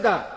子的。